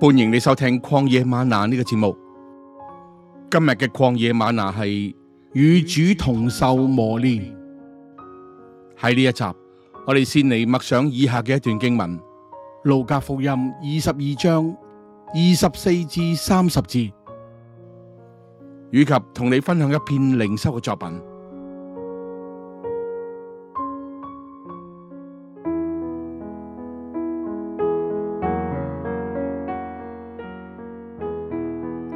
歡迎你收聽曠野嗎哪呢個節目。今日嘅曠野嗎哪係與主同受磨練。喺呢一集，我哋先嚟默想以下嘅一段經文：路加福音二十二章二十四至三十節，以及同你分享一篇靈修嘅作品。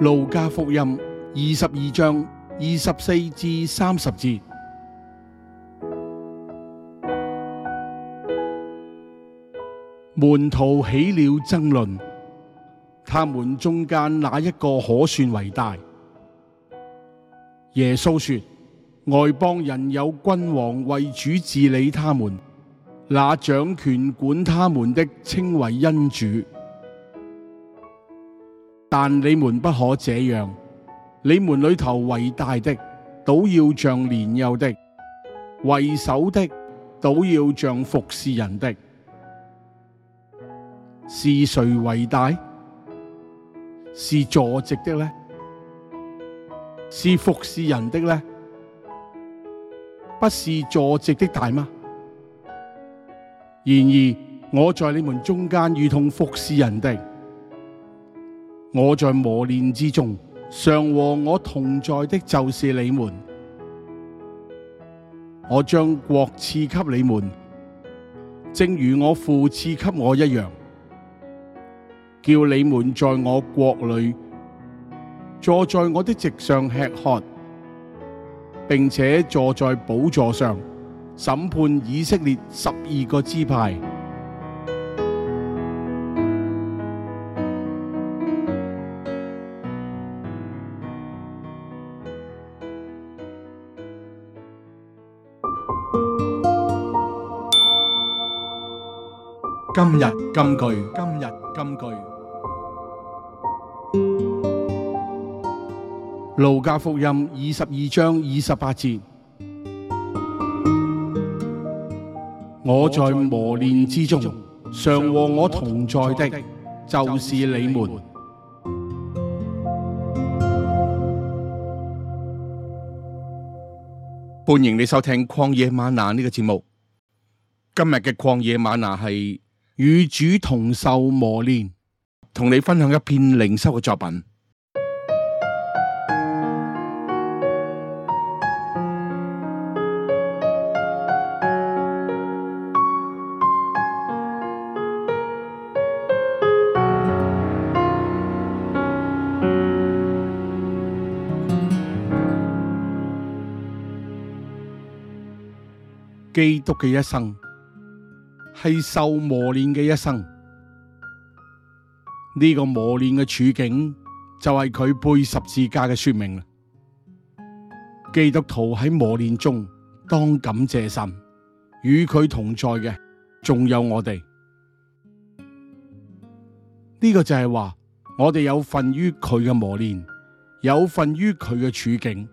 路加福音二十二章二十四至三十節，門徒起了爭論，他們中間哪一個可算為大？耶穌說：外邦人有君王為主治理他們，那掌權管他們的稱為恩主。但你們不可這樣，你們裏頭為大的，倒要像年幼的；為首的，倒要像服事人的。是誰為大？是坐席的呢？是服事人的呢？不是坐席的大嗎？然而我在你們中間，如同服事人的。我在磨練之中，常和我同在的，就是你們。我將國賜給你們，正如我父賜給我一樣，叫你們在我國裏坐在我的席上吃喝，並且坐在寶座上審判以色列十二個支派。今日金句，今日金句。路加福音二十二章二十八節，我在磨練之中，常和我同在的，就是你們。歡迎你收聽曠野嗎哪呢個節目。今日嘅曠野嗎哪係。與主同受磨練同你分享一篇靈修嘅作品。基督嘅一生。係受磨練嘅一生，呢個磨練嘅處境就係佢背十字架嘅說明啦。基督徒喺磨練中當感謝神，與佢同在嘅仲有我哋。呢個就係話我哋有份於佢嘅磨練，有份於佢嘅處境。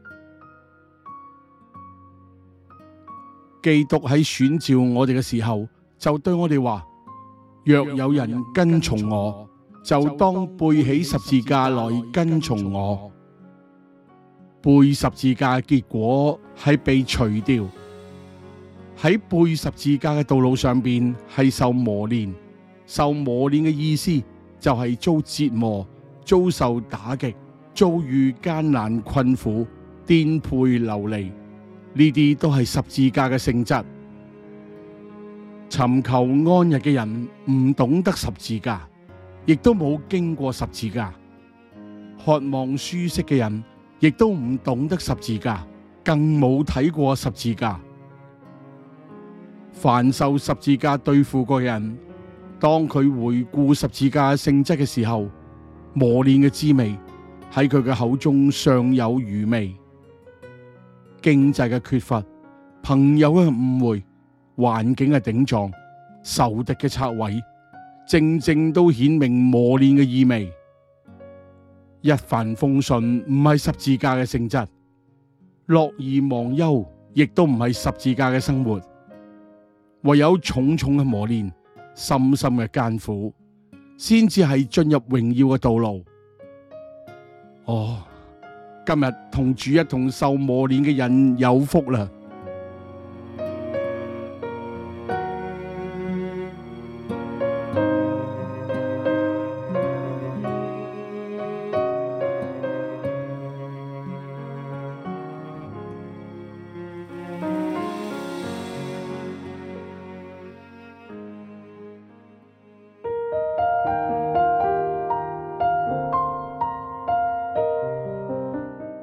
基督喺選召我哋嘅時候，就對我哋話：若有人跟從我，就當背起十字架來跟從我。背十字架結果係被除掉。喺背十字架嘅道路上邊係受磨練，受磨練嘅意思就係遭折磨、遭受打擊、遭遇艱難困苦、顛沛流離，呢啲都係十字架嘅性質。尋求安逸嘅人唔懂得十字架，亦都冇經過十字架；渴望舒適嘅人，亦都唔懂得十字架，更冇睇過十字架。凡受十字架對付過人，當佢回顧十字架性質嘅時候，磨練嘅滋味喺佢嘅口中尚有餘味；經濟嘅缺乏，朋友嘅誤會。環境嘅頂撞、受敵嘅拆毀，正正都顯明磨練嘅意味。一帆風順唔係十字架嘅性質，樂而忘憂亦都唔係十字架嘅生活。唯有重重嘅磨練、深深嘅艱苦，先至係進入榮耀嘅道路。哦，今日同主一同受磨練嘅人有福啦！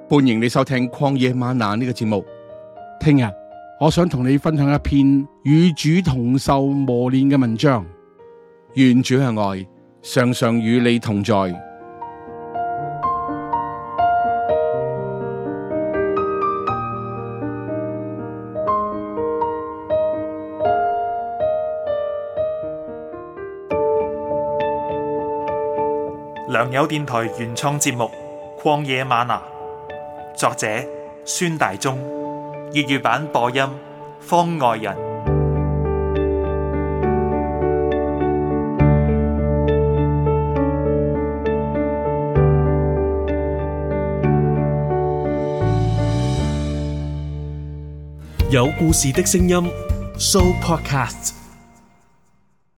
歡迎你收聽曠野嗎哪呢個節目。聽日我想同你分享一篇與主同受磨練嘅文章。願主嘅愛常常與你同在。良友電台原創節目《曠野嗎哪》。作者：孫大中，粵語版播音：方外人。有故事的聲音，Show Podcast。